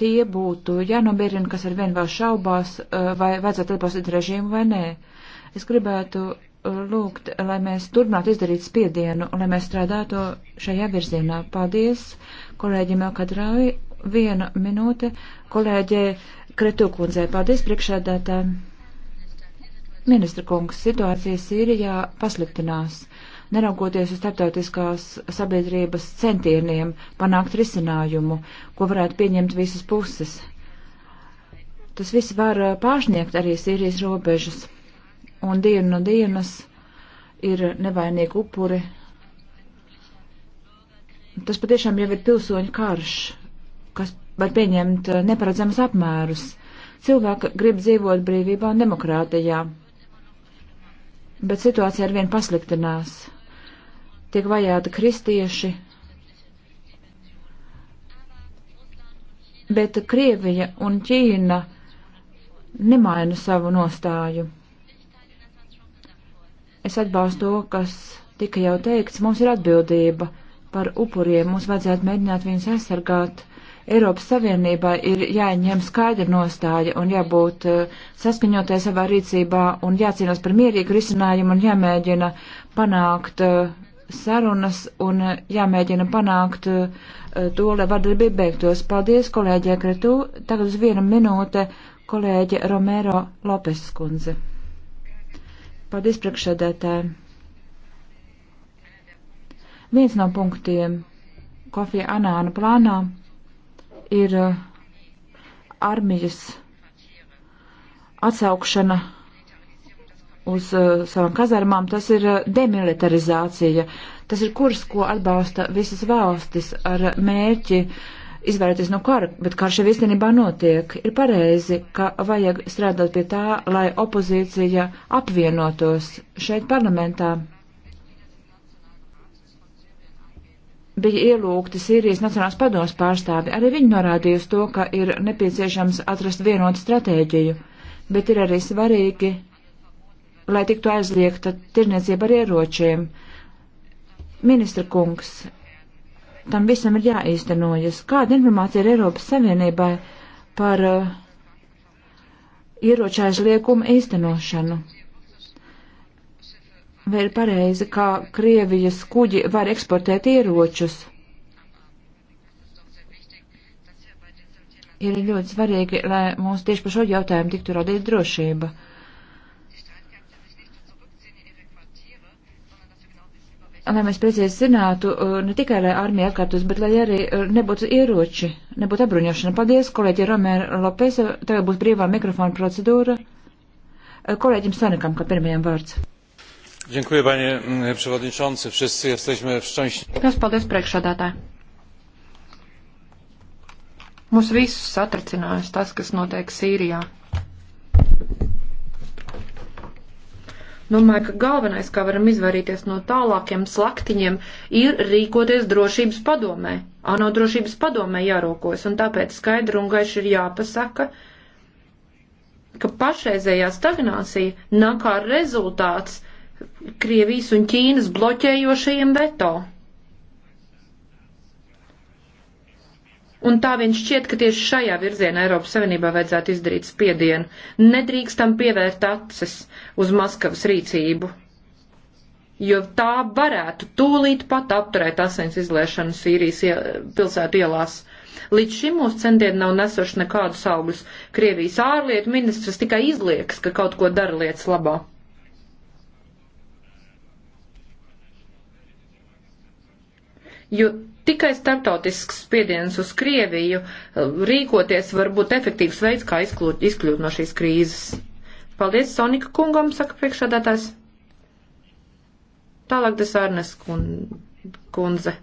tie būtu jānobierina, kas ar vien vēl šaubās, uh, vai vajadzētu atbalstīt režīmu vai nē. Es gribētu lūgt, lai mēs turpinātu izdarīt spiedienu, lai mēs strādātu šajā virzienā. Paldies kolēģim Elkadrāvi. Viena minūte kolēģē Kretukundzei. Paldies priekšēdētājiem. Ministra kungs, situācija Sīrijā pasliktinās, neraugoties uz starptautiskās sabiedrības centieniem panākt risinājumu, ko varētu pieņemt visas puses. Tas viss var eh, pārsniegt arī Sīrijas robežas un dienu no dienas ir nevainīgi upuri. Tas patiešām jau ir pilsoņu karš, kas var pieņemt eh, neparedzamas apmērus. Cilvēki grib dzīvot brīvībā un demokrātijā, bet situācija arvien pasliktinās. Tiek vajāti kristieši, bet Krievija un Ķīna nemaina savu nostāju. Es atbalstu to, kas tika jau teikts. Mums ir atbildība par upuriem. Mums vajadzētu mēģināt viņus aizsargāt. Eiropas Savienībā ir jāņem skaidra nostāja un jābūt eh, saskaņotai savā rīcībā un jācīnās par mierīgu risinājumu un jāmēģina panākt eh, sarunas un eh, jāmēģina panākt to, lai vardarbība beigtos. Paldies, kolēģi Ekretū. Tagad uz vienu minūte kolēģi Romero Lopes skundze. Paldies priekšsēdētāji. Viens no punktiem Kofija Anāna plānā ir uh, armijas atsaukšana uz uh, savām kazarmām, tas ir uh, demilitarizācija. Tas ir kurs, ko atbalsta visas valstis ar uh, mērķi uh, izvairīties no kara, bet karš jau īstenībā notiek. Ir pareizi, ka vajag strādāt pie tā, lai opozīcija apvienotos šeit parlamentā. Bija ielūgti Sīrijas Nacionālās padomas pārstāvi. Arī viņi norādīja uz to, ka ir nepieciešams atrast vienotu stratēģiju, bet ir arī svarīgi, lai tiktu aizliegta tirniecība ar ieročiem. Ministra kungs, tam visam ir jāīstenojas. Kāda informācija ir Eiropas Savienībai par uh, ieroču aizliegumu īstenošanu? Vai ir pareizi, kā Krievijas kuģi var eksportēt ieročus? Ir ļoti svarīgi, lai mums tieši par šo jautājumu tiktu radīta drošība. Uh, lai mēs precīzi zinātu, uh, ne tikai lai armija atkārtos, bet lai arī uh, nebūtu ieroči, nebūtu apbruņošana. Paldies, kolēģi Romēra Lopesa. Tagad būs brīvā mikrofona procedūra. Uh, kolēģim Sanekam, kā pirmajam vārds. Dziękuję, panie mm, przewodniczący. Wszyscy jesteśmy szczęśliwi. Kas paldies priekšādātāji. Mūs visus satracinājas tas, kas notiek Sīrijā. Domāju, ka galvenais, kā varam izvairīties no tālākiem slaktiņiem, ir rīkoties drošības padomē. ANO drošības padomē jārūkojas, un tāpēc skaidri un gaiši ir jāpasaka, ka pašreizējā stagnācija nāk kā rezultāts Krievijas un Ķīnas bloķējošajiem veto. Un tā viņš šķiet, ka tieši šajā virzienā Eiropas Savienībā vajadzētu izdarīt spiedienu. Nedrīkstam pievērt acis uz Maskavas rīcību, jo tā varētu tūlīt pat apturēt asins izliešanu Sīrijas pilsētu ielās. Līdz šim mūsu centieni nav nesuši nekādus augļus. Krievijas ārlietu ministrs tikai izliekas, ka kaut ko dara lietas labā. Jo Tikai starptautisks spiediens uz Krieviju eh, rīkoties var būt efektīvs veids, kā izkļūt, izkļūt no šīs krīzes. Paldies Sonika kungam, saka priekšādātājs. Tālāk desārnes kundze.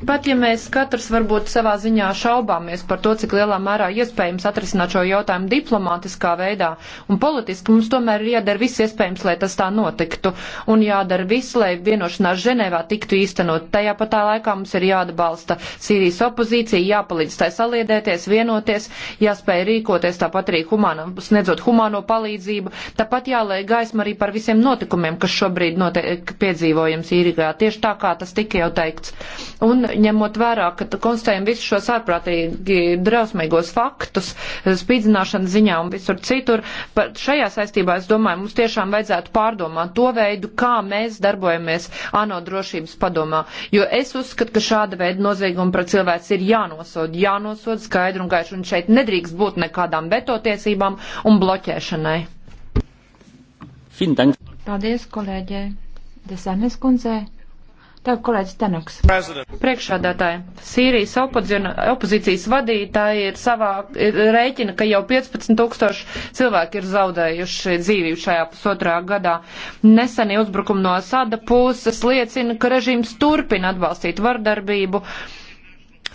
Pat ja mēs katrs varbūt savā ziņā šaubāmies par to, cik lielā mērā iespējams atrisināt šo jautājumu diplomātiskā veidā un politiski, mums tomēr ir jādara viss iespējams, lai tas tā notiktu un jādara viss, lai vienošanās Ženēvā tiktu īstenot. Tajā patā laikā mums ir jāatbalsta Sīrijas opozīcija, jāpalīdz tai saliedēties, vienoties, jāspēj rīkoties tāpat arī humāna, sniedzot humāno palīdzību, tāpat jālai gaisma arī par visiem notikumiem, kas šobrīd notiek piedzīvojams Sīrijā, tieši tā kā tas tika jau teikts. Un ņemot vērā, ka konstatējam visus šos ārprātīgi drausmīgos faktus, spīdzināšanas ziņā un visur citur, par šajā saistībā es domāju, mums tiešām vajadzētu pārdomāt to veidu, kā mēs darbojamies ANO drošības padomā. Jo es uzskatu, ka šāda veida nozieguma pret cilvēks ir jānosod, jānosod skaidru un gaišu, un šeit nedrīkst būt nekādām vetotiesībām un bloķēšanai. Paldies kolēģei Desanes kundzei. Tev, kolēģis Tenoks. Priekšādātāji, Sīrijas opozīcijas vadītāji ir savā ir rēķina, ka jau 15 tūkstoši cilvēki ir zaudējuši dzīvību šajā pusotrā gadā. Nesenie uzbrukumi no Asada puses liecina, ka režīms turpina atbalstīt vardarbību. Uh,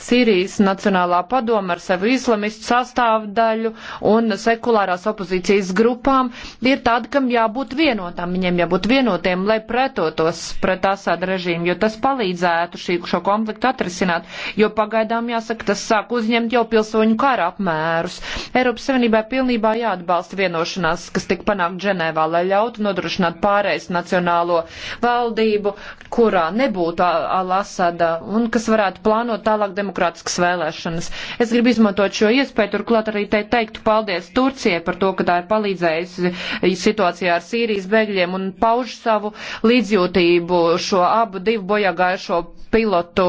Sīrijas Nacionālā padoma ar savu islamistu sastāvdaļu un sekulārās opozīcijas grupām ir tāda, kam jābūt vienotām, viņiem jābūt vienotiem, lai pretotos pret Asāda režīmu, jo tas palīdzētu šī, šo konfliktu atrisināt, jo pagaidām jāsaka, tas sāk uzņemt jau pilsoņu kara apmērus. Eiropas Savienībai pilnībā jāatbalsta vienošanās, kas tika panākt Ženēvā, lai ļautu nodrošināt pārējais nacionālo valdību, kurā nebūtu Al-Asada un kas varētu plānot tālāk demokrātiskas vēlēšanas. Es gribu izmantot šo iespēju, turklāt arī te teikt paldies Turcijai par to, ka tā ir palīdzējusi e, situācijā ar Sīrijas bēgļiem un pauž savu līdzjūtību šo abu divu bojāgājušo pilotu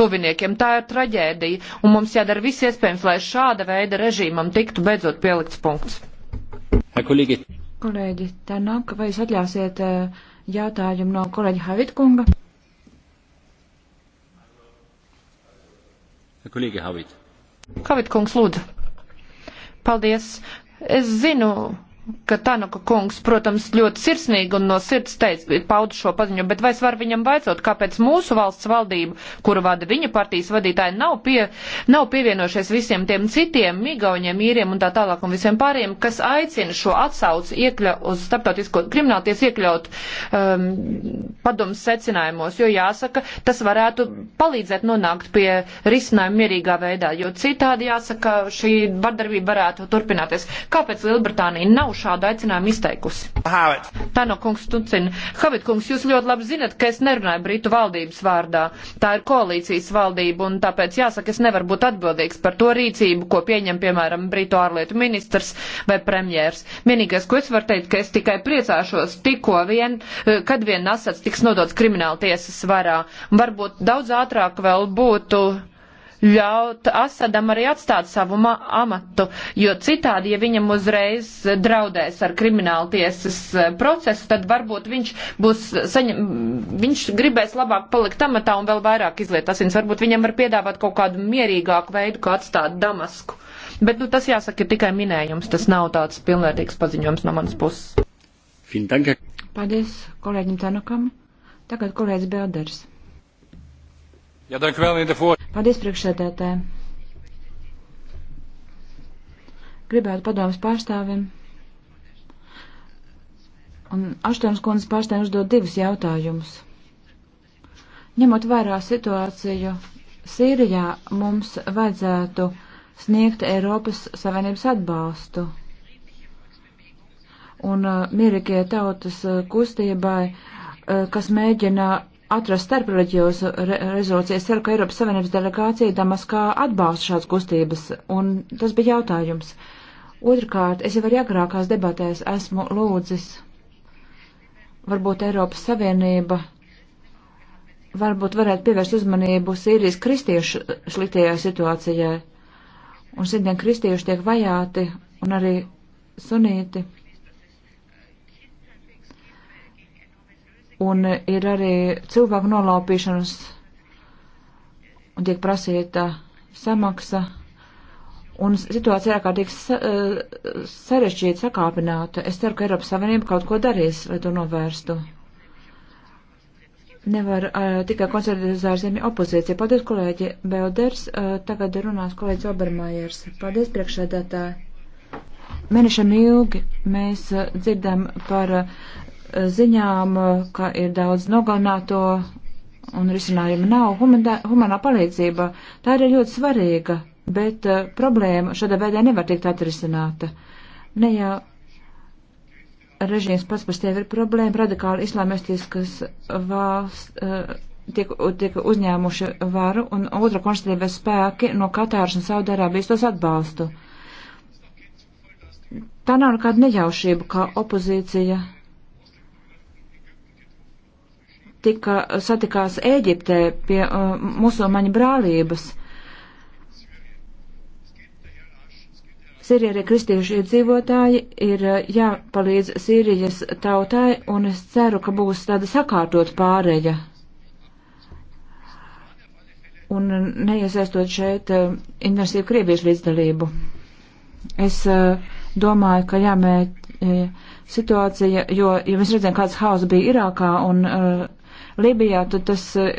tuviniekiem. Tā ir traģēdija, un mums jādara viss iespējams, lai šāda veida režīmam tiktu beidzot pielikts punkts. Kolēģi, tā nāk, vai jūs atļausiet e, jautājumu no kolēģa Havitkunga? Kolēģi Havit. Havit kungs, lūdzu. Paldies. Es zinu, ka Tanuka kungs, protams, ļoti sirsnīgi un no sirds teica, paudu šo paziņu, bet vai es varu viņam vaicot, kāpēc mūsu valsts valdība, kuru vada viņa partijas vadītāji, nav, pie, nav pievienojušies visiem tiem citiem migauņiem, īriem un tā tālāk un visiem pārējiem, kas aicina šo atsauci iekļa, uz starptautisko kriminālties iekļaut um, padomus secinājumos, jo jāsaka, tas varētu palīdzēt nonākt pie risinājuma mierīgā veidā, jo citādi jāsaka, šī vardarbība varētu turpināties. Kāpēc Lielbritānija nav nav šādu aicinājumu izteikusi. Tano kungs Tucina. Havit kungs, jūs ļoti labi zinat, ka es nerunāju Britu valdības vārdā. Tā ir koalīcijas valdība, un tāpēc jāsaka, es nevaru būt atbildīgs par to rīcību, ko pieņem, piemēram, Britu ārlietu ministrs vai premjērs. Vienīgais, ko es varu teikt, ka es tikai priecāšos tikko vien, eh, kad vien asats tiks nodots krimināla tiesas varā. Varbūt daudz ātrāk vēl būtu ļaut Asadam arī atstāt savu amatu, jo citādi, ja viņam uzreiz draudēs ar kriminālu tiesas eh, procesu, tad varbūt viņš būs, saņem, viņš gribēs labāk palikt amatā un vēl vairāk izliet asins. Varbūt viņam var piedāvāt kaut kādu mierīgāku veidu, kā atstāt Damasku. Bet, nu, tas jāsaka, ir tikai minējums, tas nav tāds pilnvērtīgs paziņojums no manas puses. Paldies kolēģim Tanakam. Tagad kolēģis Belders. Ja, dank vēl, Indefo. Paldies, priekšsēdētāji. Gribētu padomus pārstāvim. Un Aštonas kundzes pārstāvim uzdot divus jautājumus. Ņemot vērā situāciju Sīrijā, mums vajadzētu sniegt Eiropas Savienības atbalstu. Un uh, mierīgie tautas uh, kustībai, uh, kas mēģina atrast starpreģijos re rezolūcijas. Ceru, ka Eiropas Savienības delegācija Damaskā atbalsta šādas kustības, un tas bija jautājums. Otrkārt, es jau arī agrākās debatēs esmu lūdzis, varbūt Eiropas Savienība varbūt varētu pievērst uzmanību Sīrijas kristiešu sliktajā situācijai. Un šodien kristieši tiek vajāti un arī sunīti. un ir arī cilvēku nolaupīšanas, un tiek prasīta samaksa, un situācija ārkārtīgi sa, eh, sarežģīta, sakāpināta. Es ceru, ka Eiropas Savienība kaut ko darīs, lai to novērstu. Nevar uh, tikai koncertēt ar zemi opozīciju. Paldies, kolēģi Belders. Uh, tagad runās kolēģis Obermājers. Paldies, priekšsēdētāji. Mēnešiem ilgi mēs uh, dzirdam par uh, ziņām, ka ir daudz nogalināto un risinājumu nav. Humanā, humanā palīdzība tā ir ļoti svarīga, bet uh, problēma šādā veidā nevar tikt atrisināta. Ne jau režīms pats par sevi ir problēma, radikāli islamistiskas valsts. Uh, Tiek, tiek uzņēmuši varu, un otra konstatīvas spēki no Katāras un Saudārābijas tos atbalstu. Tā nav nekāda nejaušība, kā opozīcija tika, satikās Ēģiptē pie uh, musulmaņu brālības. Sīrija arī kristiešu iedzīvotāji ir uh, jāpalīdz Sīrijas tautai, un es ceru, ka būs tāda sakārtot pāreja. Un neiesaistot šeit uh, intensīvu krieviešu līdzdalību. Es uh, domāju, ka jāmēģ uh, situācija, jo, ja mēs redzam, kāds haus bija Irākā un uh, Libijā, tad tas eh,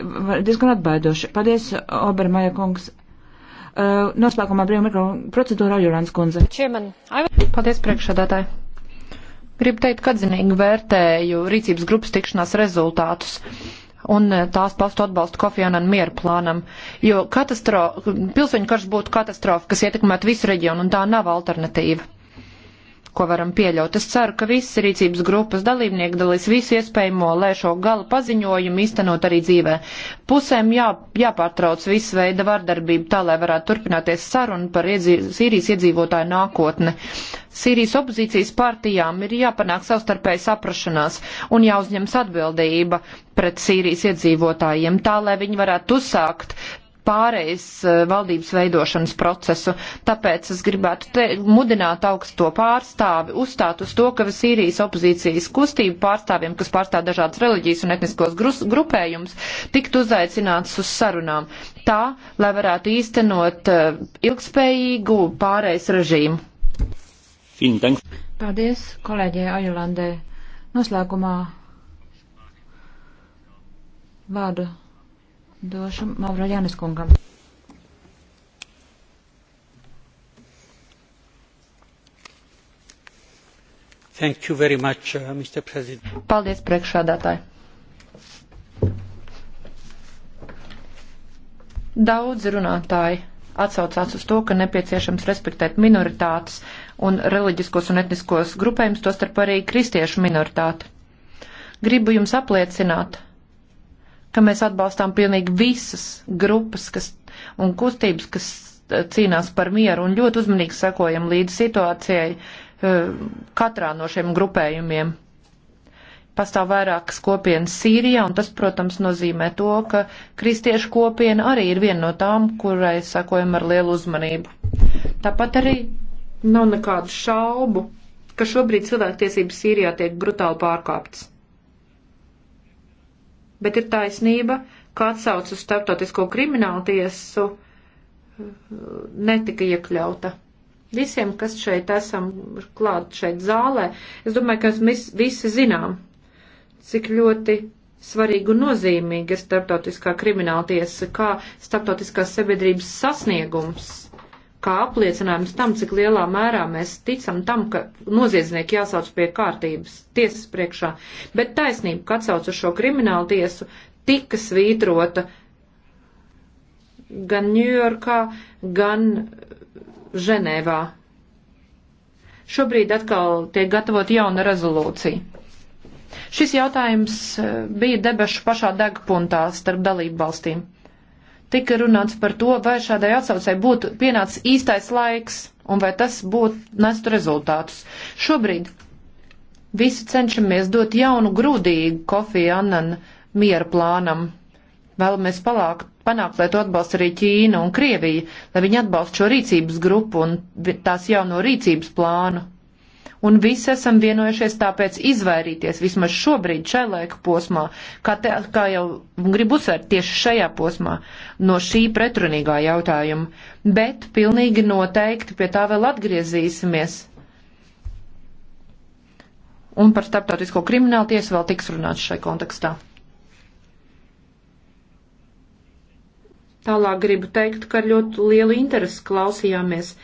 diezgan atbaidoši. Paldies, Obermaja kungs. Eh, noslēgumā brīvā mikrofona procedūra Jurāns kundze. Paldies, priekšsādātāji. Gribu teikt, ka atzinīgi vērtēju rīcības grupas tikšanās rezultātus un eh, tās pastu atbalstu Kofianan miera plānam, jo pilsoņu karš būtu katastrofa, kas ietekmētu visu reģionu, un tā nav alternatīva ko varam pieļaut. Es ceru, ka visas rīcības grupas dalībnieki dalīs visu iespējamo, lai šo gala paziņojumu īstenot arī dzīvē. Pusēm jā, jāpārtrauc visu veidu vardarbību tā, lai varētu turpināties saruna par iedzīv, Sīrijas iedzīvotāju nākotni. Sīrijas opozīcijas partijām ir jāpanāk savstarpēji saprašanās un jāuzņems atbildība pret Sīrijas iedzīvotājiem, tā lai viņi varētu uzsākt pārejas eh, valdības veidošanas procesu. Tāpēc es gribētu te, mudināt augsto pārstāvi uzstāt uz to, ka Sīrijas opozīcijas kustību pārstāvjiem, kas pārstāv dažādas reliģijas un etniskos grus, grupējumus, tiktu uzaicināts uz sarunām. Tā, lai varētu īstenot eh, ilgspējīgu pārejas režīmu. Paldies kolēģei Ajulandē. Noslēgumā vārdu Došu Mavro Jānis kungam. Thank you very much, uh, Mr. President. Paldies, priekšādātāji. Daudz runātāji atsaucās uz to, ka nepieciešams respektēt minoritātes un reliģiskos un etniskos grupējumus, tostarp arī kristiešu minoritāti. Gribu jums apliecināt, ka mēs atbalstām pilnīgi visas grupas kas, un kustības, kas eh, cīnās par mieru un ļoti uzmanīgi sekojam līdz situācijai eh, katrā no šiem grupējumiem. Pastāv vairākas kopienas Sīrijā, un tas, protams, nozīmē to, ka kristiešu kopiena arī ir viena no tām, kurai sekojam ar lielu uzmanību. Tāpat arī nav nekādu šaubu, ka šobrīd cilvēktiesības Sīrijā tiek brutāli pārkāptas bet ir taisnība, ka atsauc uz starptautisko kriminālu tiesu eh, netika iekļauta. Visiem, kas šeit esam klāt šeit zālē, es domāju, ka mēs visi zinām, cik ļoti svarīgu nozīmīgi ir starptautiskā krimināla tiesa, kā starptautiskās sabiedrības sasniegums kā apliecinājums tam, cik lielā mērā mēs ticam tam, ka noziedznieki jāsauc pie kārtības tiesas priekšā. Bet taisnība, kad sauc uz šo kriminālu tiesu, tika svītrota gan Ņujorkā, gan Ženēvā. Šobrīd atkal tiek gatavot jauna rezolūcija. Šis jautājums eh, bija debašu pašā degpuntā starp dalību valstīm tika runāts par to, vai šādai atsaucei būtu pienācis īstais laiks un vai tas būtu nestu rezultātus. Šobrīd visi cenšamies dot jaunu grūdīgu Kofija Annan miera plānam. Vēlamies palākt, panākt, lai to atbalsta arī Ķīna un Krievija, lai viņi atbalsta šo rīcības grupu un tās jauno rīcības plānu un visi esam vienojušies tāpēc izvairīties vismaz šobrīd, šai laika posmā, kā, te, kā jau gribu uzsvērt tieši šajā posmā, no šī pretrunīgā jautājuma. Bet pilnīgi noteikti pie tā vēl atgriezīsimies. Un par starptautisko kriminālu tiesu vēl tiks runāts šai kontekstā. Tālāk gribu teikt, ka ļoti lielu interesi klausījāmies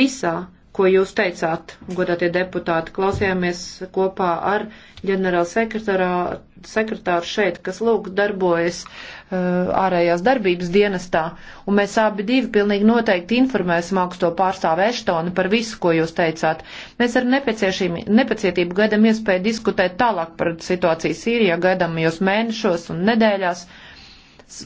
visā ko jūs teicāt, godātie deputāti. Klausījāmies kopā ar ģenerāla sekretāru šeit, kas lūk darbojas uh, ārējās darbības dienestā, un mēs abi divi pilnīgi noteikti informēsim augsto pārstāvu Eštoni par visu, ko jūs teicāt. Mēs ar nepacietību gaidam iespēju diskutēt tālāk par situāciju Sīrijā gaidamajos mēnešos un nedēļās. Uh,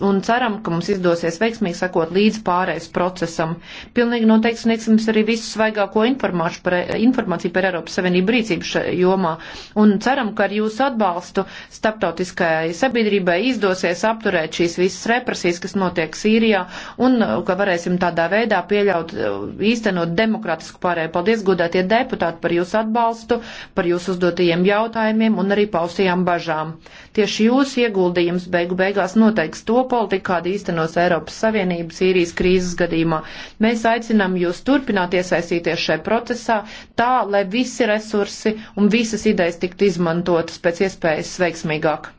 un ceram, ka mums izdosies veiksmīgi sakot līdz pārējais procesam. Pilnīgi noteikti sniegsim arī visu svaigāko informāciju par, informāciju par Eiropas Savienību rīcību jomā, un ceram, ka ar jūsu atbalstu starptautiskajai sabiedrībai izdosies apturēt šīs visas represijas, kas notiek Sīrijā, un uh, ka varēsim tādā veidā pieļaut, uh, īstenot demokratisku pārēju. Paldies, godētie deputāti, par jūsu atbalstu, par jūsu uzdotajiem jautājumiem un arī paustajām bažām. Tieši jūsu ieguldījums beigu beigās noteiks to politiku, kāda īstenos Eiropas Savienības īrijas krīzes gadījumā. Mēs aicinām jūs turpināt iesaistīties šajā procesā tā, lai visi resursi un visas idejas tiktu izmantotas pēc iespējas veiksmīgāk.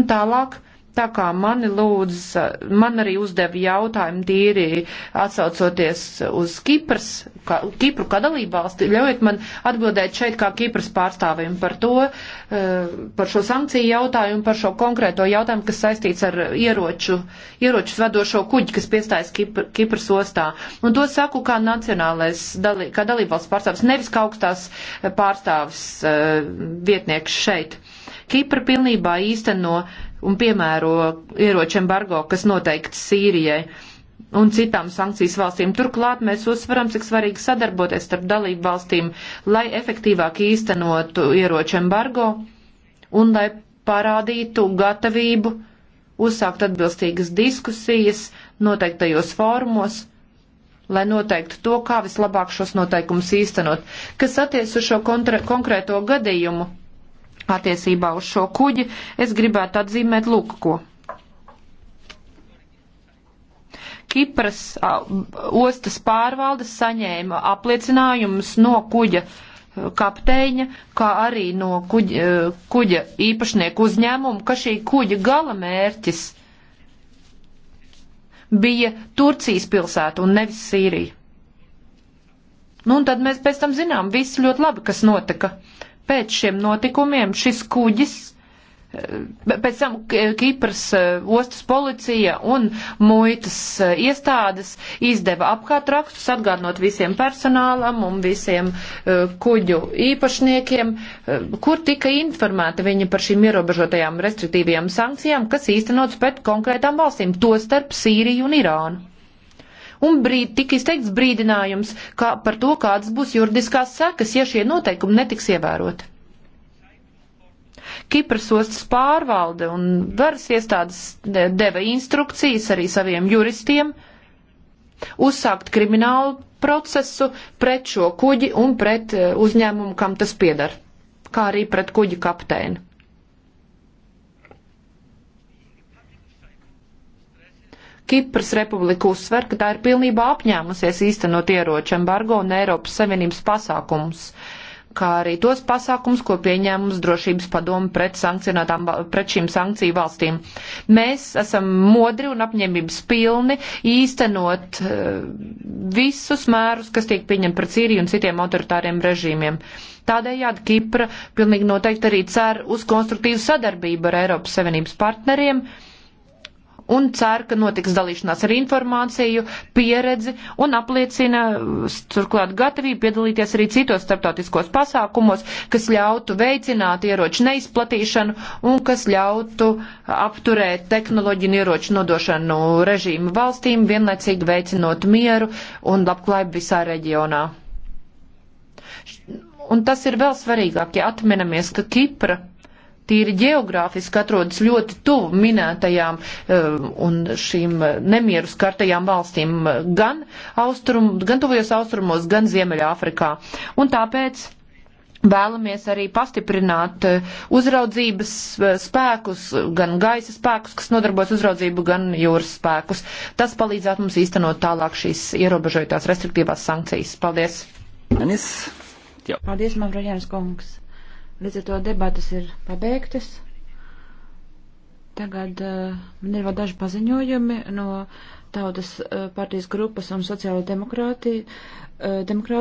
Un tālāk Tā kā mani lūdz, man arī uzdeva jautājumu tīri atsaucoties uz Kipras, kā, Kipru kā dalībvalsti, ļaujiet man atbildēt šeit kā Kipras pārstāvim par to, eh, par šo sankciju jautājumu, par šo konkrēto jautājumu, kas saistīts ar ieroču, ieroču vedošo kuģi, kas piestājas Kipr, Kipras ostā. Un to saku kā nacionālais, dalī, kā dalībvalsts pārstāvis, nevis kā augstās pārstāvis eh, vietnieks šeit. Kipra pilnībā īsteno no un piemēro ieroču embargo, kas noteikts Sīrijai un citām sankcijas valstīm. Turklāt mēs uzsveram, cik svarīgi sadarboties starp dalību valstīm, lai efektīvāk īstenotu ieroču embargo un lai parādītu gatavību uzsākt atbilstīgas diskusijas noteiktajos formos, lai noteiktu to, kā vislabāk šos noteikumus īstenot. Kas attiec uz šo konkrēto gadījumu, attiecībā uz šo kuģi, es gribētu atzīmēt lūk ko. Kipras ostas pārvaldes saņēma apliecinājumus no kuģa kapteiņa, kā arī no kuģa, kuģa īpašnieku uzņēmumu, ka šī kuģa gala mērķis bija Turcijas pilsēta un nevis Sīrija. Nu, un tad mēs pēc tam zinām visu ļoti labi, kas notika pēc šiem notikumiem šis kuģis eh, Pēc tam Kipras eh, ostas policija un muitas eh, iestādes izdeva apkārtrakstus, atgādinot visiem personālam un visiem kuģu īpašniekiem, kur tika informēta viņa par šīm ierobežotajām restriktīvajām sankcijām, kas īstenots pret konkrētām valstīm, to starp Sīriju un Irānu un brīd, tika izteikts brīdinājums kā, par to, kādas būs juridiskās sekas, ja šie noteikumi netiks ievēroti. Kipras ostas pārvalde un varas iestādes deva instrukcijas arī saviem juristiem uzsākt kriminālu procesu pret šo kuģi un pret eh, uzņēmumu, kam tas piedar, kā arī pret kuģi kapteini. Kipras republika uzsver, ka tā ir pilnībā apņēmusies īstenot ieroču embargo un Eiropas Savienības pasākumus, kā arī tos pasākumus, ko pieņēmums drošības padomu pret, pret šīm sankciju valstīm. Mēs esam modri un apņēmības pilni īstenot eh, visus mērus, kas tiek pieņemti pret Sīriju un citiem autoritāriem režīmiem. Tādējādi Kipra pilnīgi noteikti arī cer uz konstruktīvu sadarbību ar Eiropas Savienības partneriem un cer, ka notiks dalīšanās ar informāciju, pieredzi un apliecina turklāt gatavību piedalīties arī citos starptautiskos pasākumos, kas ļautu veicināt ieroču neizplatīšanu un kas ļautu apturēt tehnoloģiju un ieroču nodošanu režīmu valstīm, vienlaicīgi veicinot mieru un labklājību visā reģionā. Un tas ir vēl svarīgāk, ja atminamies, ka Kipra tīri geogrāfiski atrodas ļoti tuvu minētajām eh, un šīm eh, nemieru skartajām valstīm eh, gan, austrum, gan tuvajos austrumos, gan Ziemeļāfrikā. Un tāpēc Vēlamies arī pastiprināt uzraudzības spēkus, gan gaisa spēkus, kas nodarbojas uzraudzību, gan jūras spēkus. Tas palīdzētu mums īstenot tālāk šīs ierobežotās restriktīvās sankcijas. Paldies! Manis. Paldies, Mavroģēnas kungs! Līdz ar to debatas ir pabeigtas. Tagad uh, man ir vēl daži paziņojumi no Tautas uh, partijas grupas un sociālo demokrātiju. Uh, demokrāti eh,